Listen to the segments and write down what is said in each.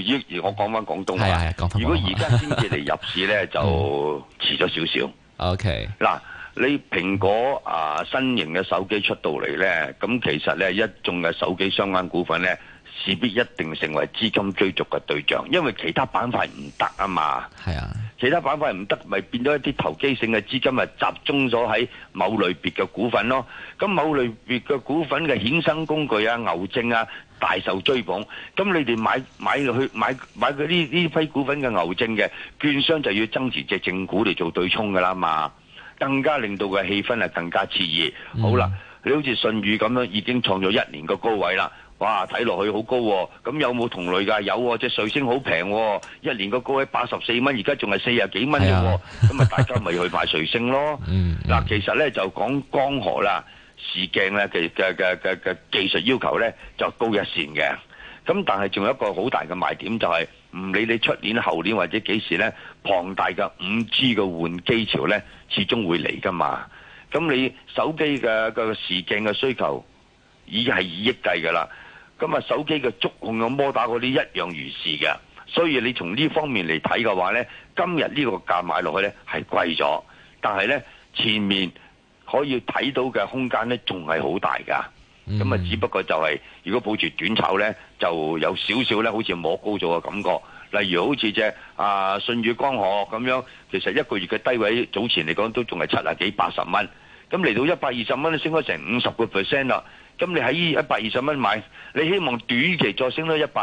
要而我講翻廣東話，如果而家先至嚟入市咧，就遲咗少少。OK，嗱，你蘋果啊新型嘅手機出到嚟咧，咁其實咧一眾嘅手機相關股份咧，勢必一定成為資金追逐嘅對象，因為其他板塊唔得啊嘛。係啊。其他板塊唔得，咪變咗一啲投機性嘅資金咪集中咗喺某類別嘅股份咯。咁某類別嘅股份嘅衍生工具啊、牛證啊，大受追捧。咁你哋買買去買買嗰啲呢批股份嘅牛證嘅，券商就要增持隻正股嚟做對沖㗎啦嘛。更加令到佢氣氛係更加熾熱。好啦，你好似信譽咁樣已經創咗一年個高位啦。哇！睇落去好高，咁有冇同類噶？有，隻瑞星好平，一年個高位八十四蚊，而家仲係四十幾蚊啫，咁啊大家咪去買瑞星咯。嗱，其實咧就講江河啦，視鏡咧嘅嘅嘅嘅技術要求咧就高一線嘅。咁但係仲有一個好大嘅賣點就係唔理你出年、後年或者幾時咧，龐大嘅五 G 嘅換機潮咧，始終會嚟噶嘛。咁你手機嘅嘅視鏡嘅需求已經係以億計噶啦。咁啊，手機嘅觸控有摩打嗰啲一樣如是嘅，所以你從呢方面嚟睇嘅話咧，今日呢個價買落去咧係貴咗，但係咧前面可以睇到嘅空間咧仲係好大噶。咁啊、嗯，只不過就係、是、如果保住短炒咧，就有少少咧好似摸高咗嘅感覺。例如好似隻啊信譽江河咁樣，其實一個月嘅低位早前嚟講都仲係七啊幾八十蚊，咁嚟到一百二十蚊升咗成五十個 percent 啦。咁你喺一百二十蚊買，你希望短期再升到一百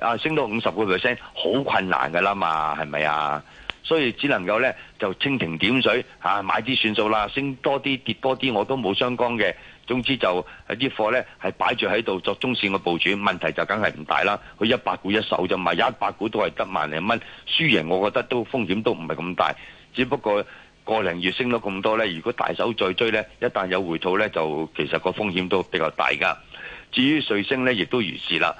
啊，升到五十個 percent，好困難㗎啦嘛，係咪啊？所以只能夠呢，就蜻蜓點水嚇、啊、買啲算數啦，升多啲跌多啲我都冇相干嘅。總之就啲貨呢，係擺住喺度作中線嘅部署，問題就梗係唔大啦。佢一百股一手就買，一百股都係得萬零蚊，輸贏我覺得都風險都唔係咁大，只不過。個零月升咗咁多呢，如果大手再追呢，一旦有回吐呢，就其實個風險都比較大噶。至於瑞星呢，亦都如是啦。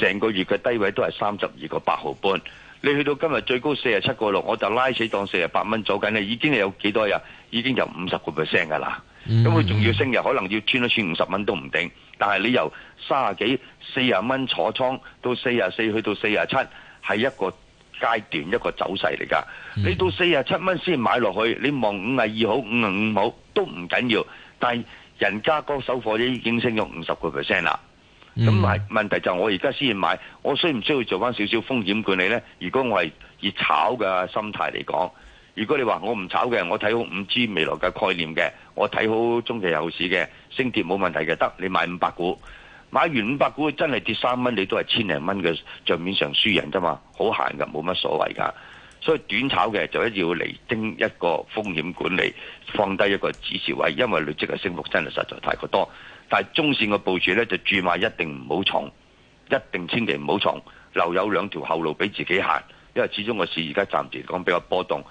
成個月嘅低位都係三十二個八毫半，你去到今日最高四十七個六，我就拉死檔四十八蚊走緊呢，已經係有幾多日，已經有五十個 percent 噶啦。咁佢仲要升日，可能要穿一穿五十蚊都唔定。但係你由三十幾四十蚊坐倉到四十四去到四十七，係一個。階段一個走勢嚟噶，你到四十七蚊先買落去，你望五十二號，五十五號都唔緊要。但係人家個手貨已經升咗五十個 percent 啦，咁係問題就係我而家先買，我需唔需要做翻少少風險管理呢？如果我係以炒嘅心態嚟講，如果你話我唔炒嘅，我睇好五 G 未來嘅概念嘅，我睇好中期後市嘅，升跌冇問題嘅，得你買五百股。買完五百股真係跌三蚊，你都係千零蚊嘅賬面上輸人啫嘛，好閒噶，冇乜所謂噶。所以短炒嘅就一定要嚟盯一個風險管理，放低一個指示位，因為累積嘅升幅真係實在太過多。但係中線嘅部署咧就注碼一定唔好重，一定千祈唔好重，留有兩條後路俾自己行，因為始終個市而家暫時嚟講比較波動。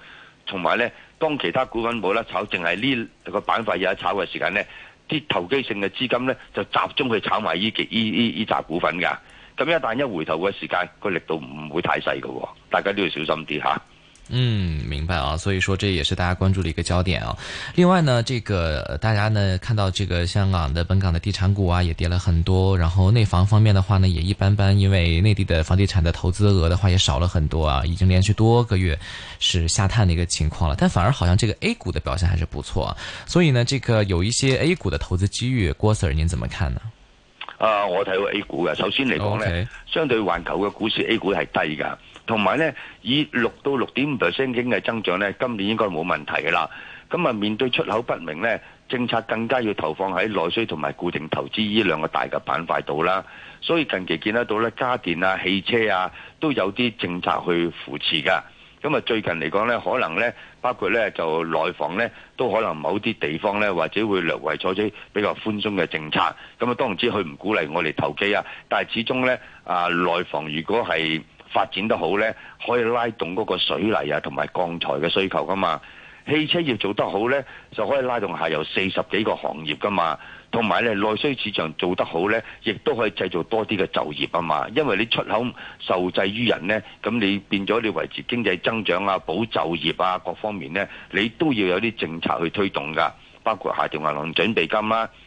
同埋咧，當其他股份冇得炒，淨係呢個板塊有得炒嘅時間咧。啲投機性嘅資金咧，就集中去炒埋呢幾呢呢呢扎股份㗎。咁一旦一回頭嘅時間，個力度唔會太細㗎喎，大家都要小心啲吓。嗯，明白啊，所以說這也是大家關注的一個焦點啊。另外呢，這個大家呢看到這個香港的本港的地產股啊也跌了很多，然後內房方面的話呢也一般般，因為內地的房地產的投資額的話也少了很多啊，已經連續多個月是下探的一個情況了。但反而好像這個 A 股的表現還是不錯啊，所以呢，這個有一些 A 股的投資機遇，郭 Sir 您怎麼看呢？呃、啊，我睇過 A 股啊。首先嚟講呢，Okay. 相對環球嘅股市 A 股係低噶同埋咧，以六到六點五 percent 經濟增長咧，今年應該冇問題噶啦。咁啊，面對出口不明咧，政策更加要投放喺內需同埋固定投資呢兩個大嘅板塊度啦。所以近期見得到咧，家電啊、汽車啊，都有啲政策去扶持噶。咁啊，最近嚟講咧，可能咧，包括咧就內房咧，都可能某啲地方咧，或者會略為採取比較寬鬆嘅政策。咁啊，當然知佢唔鼓勵我哋投機啊，但係始終咧，啊內房如果係發展得好呢，可以拉動嗰個水泥啊，同埋鋼材嘅需求噶嘛。汽車業做得好呢，就可以拉動下游四十幾個行業噶嘛。同埋咧，內需市場做得好呢，亦都可以製造多啲嘅就業啊嘛。因為你出口受制於人呢，咁你變咗你維持經濟增長啊、保就業啊各方面呢，你都要有啲政策去推動噶，包括下調銀行準備金啦。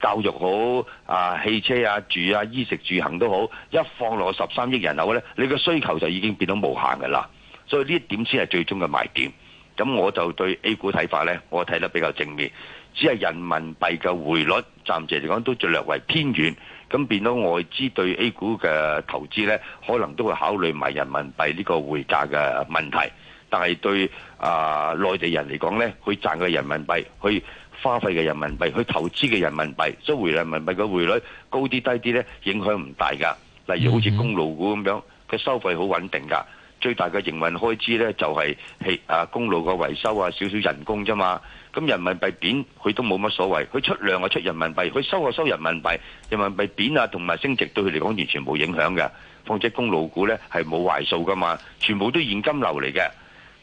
教育好啊，汽車啊，住啊，衣食住行都好，一放落十三億人口呢，你個需求就已經變到無限噶啦，所以呢一點先係最終嘅賣點。咁我就對 A 股睇法呢，我睇得比較正面，只係人民幣嘅匯率暫時嚟講都仲略為偏軟，咁變到外資對 A 股嘅投資呢，可能都會考慮埋人民幣呢個匯價嘅問題，但係對啊、呃、內地人嚟講呢，佢賺嘅人民幣佢花費嘅人民幣去投資嘅人民幣，收回人民幣嘅匯率高啲低啲咧，影響唔大噶。例如好似公路股咁樣，佢收費好穩定噶，最大嘅營運開支咧就係係啊公路個維修啊，少少人工啫嘛。咁人民幣貶佢都冇乜所謂，佢出糧啊出人民幣，佢收啊收人民幣，人民幣貶啊同埋升值對佢嚟講完全冇影響嘅。況且公路股咧係冇壞數噶嘛，全部都現金流嚟嘅。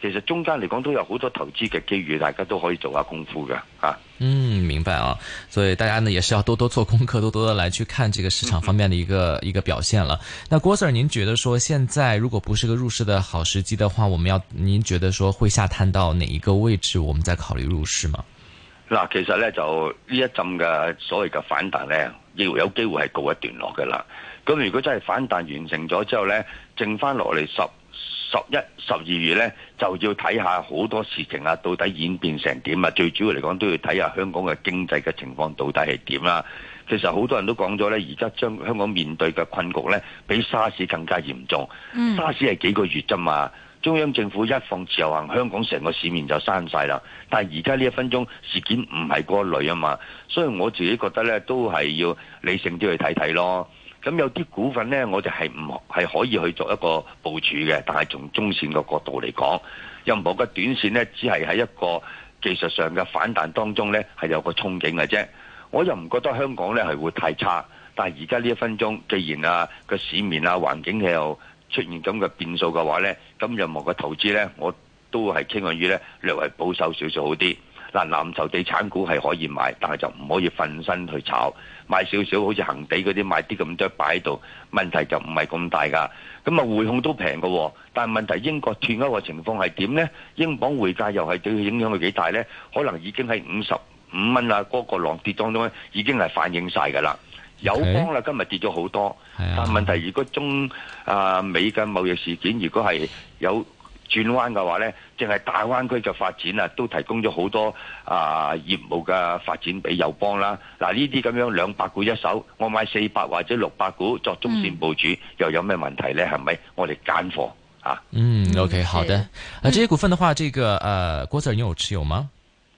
其實中間嚟講都有好多投資嘅機遇，大家都可以做下功夫嘅、啊、嗯，明白啊。所以大家呢也是要多多做功課，多多的來去看這個市場方面的一個、嗯、哼一個表現了。那郭 Sir，您覺得說現在如果不是個入市的好時機的話，我們要您覺得說會下探到哪一個位置，我們再考慮入市嗎？嗱，其實呢，就呢一陣嘅所謂嘅反彈呢，亦有機會係告一段落嘅啦。咁如果真係反彈完成咗之後呢，剩翻落嚟十、十一、十二月呢，就要睇下好多事情啊，到底演變成點啊？最主要嚟講都要睇下香港嘅經濟嘅情況到底係點啦。其實好多人都講咗呢，而家將香港面對嘅困局呢，比沙士更加嚴重。嗯、沙士係幾個月啫嘛，中央政府一放自由行，香港成個市面就閂晒啦。但係而家呢一分鐘事件唔係嗰一類啊嘛，所以我自己覺得呢，都係要理性啲去睇睇咯。咁有啲股份呢，我哋係唔係可以去做一個部署嘅，但係從中綫嘅角度嚟講，任何嘅短綫呢，只係喺一個技術上嘅反彈當中呢，係有個憧憬嘅啫。我又唔覺得香港呢，係會太差，但係而家呢一分鐘，既然啊個市面啊環境又出現咁嘅變數嘅話呢，咁任何嘅投資呢，我都係傾向於呢，略為保守少少好啲。嗱，藍籌地產股係可以買，但係就唔可以瞓身去炒，買少少好似恆地嗰啲買啲咁多擺喺度，問題就唔係咁大噶。咁啊匯控都平嘅，但係問題英國斷歐嘅情況係點咧？英鎊匯價又係對佢影響有幾大咧？可能已經係五十五蚊啦，嗰個浪跌當中咧已經係反映曬㗎啦。有光啦，今日跌咗好多，但係問題如果中啊美嘅貿易事件如果係有，轉彎嘅話咧，淨係大灣區嘅發展啊，都提供咗好多啊、呃、業務嘅發展俾友邦啦。嗱呢啲咁樣兩百股一手，我買四百或者六百股作中線部署，嗯、又有咩問題咧？係咪我哋揀貨啊？嗯，OK，好的。是啊，這些股份嘅話，這個誒，郭 Sir 你有持有嗎？